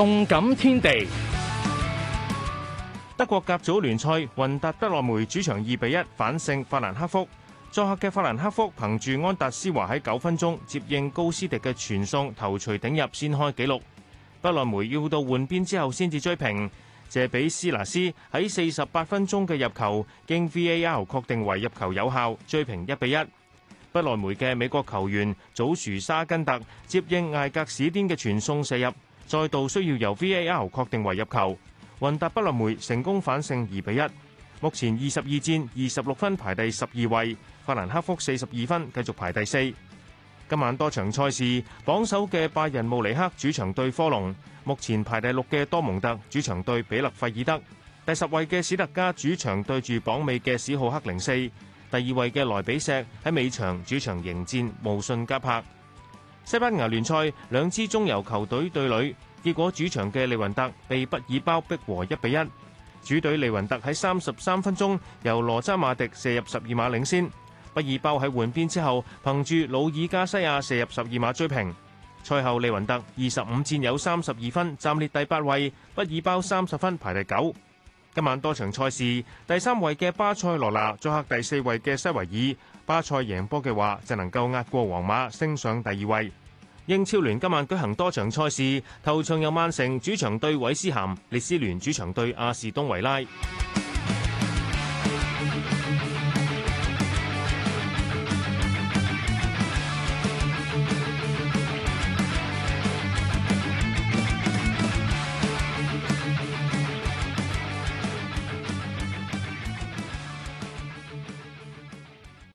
動感天地，德國甲組聯賽，雲達不來梅主場二比一反勝法蘭克福。作客嘅法蘭克福憑住安達斯華喺九分鐘接應高斯迪嘅傳送頭槌頂入，先開紀錄。不來梅要到換邊之後先至追平，借俾斯拿斯喺四十八分鐘嘅入球經 V A R 確定為入球有效，追平一比一。不來梅嘅美國球員祖殊沙根特接應艾格史顛嘅傳送射入。再度需要由 VAR 確定為入球，雲達不來梅成功反勝二比一。目前二十二戰二十六分排第十二位，法蘭克福四十二分繼續排第四。今晚多場賽事，榜首嘅拜仁慕尼黑主場對科隆，目前排第六嘅多蒙特主場對比勒費爾德，第十位嘅史特加主場對住榜尾嘅史浩克零四，第二位嘅萊比錫喺尾場主場迎戰慕遜加柏。西班牙聯賽兩支中游球隊對壘，結果主場嘅利雲特被畢爾包逼和一比一。主隊利雲特喺三十三分鐘由羅渣馬迪射入十二碼領先，畢爾包喺換邊之後憑住魯爾加西亞射入十二碼追平。賽後利雲特二十五戰有三十二分，暫列第八位；畢爾包三十分排第九。今晚多場賽事，第三位嘅巴塞羅那作客第四位嘅西維爾，巴塞贏波嘅話就能夠壓過皇馬升上第二位。英超聯今晚舉行多場賽事，頭場由曼城主場對韋斯咸，列斯聯主場對亞士東維拉。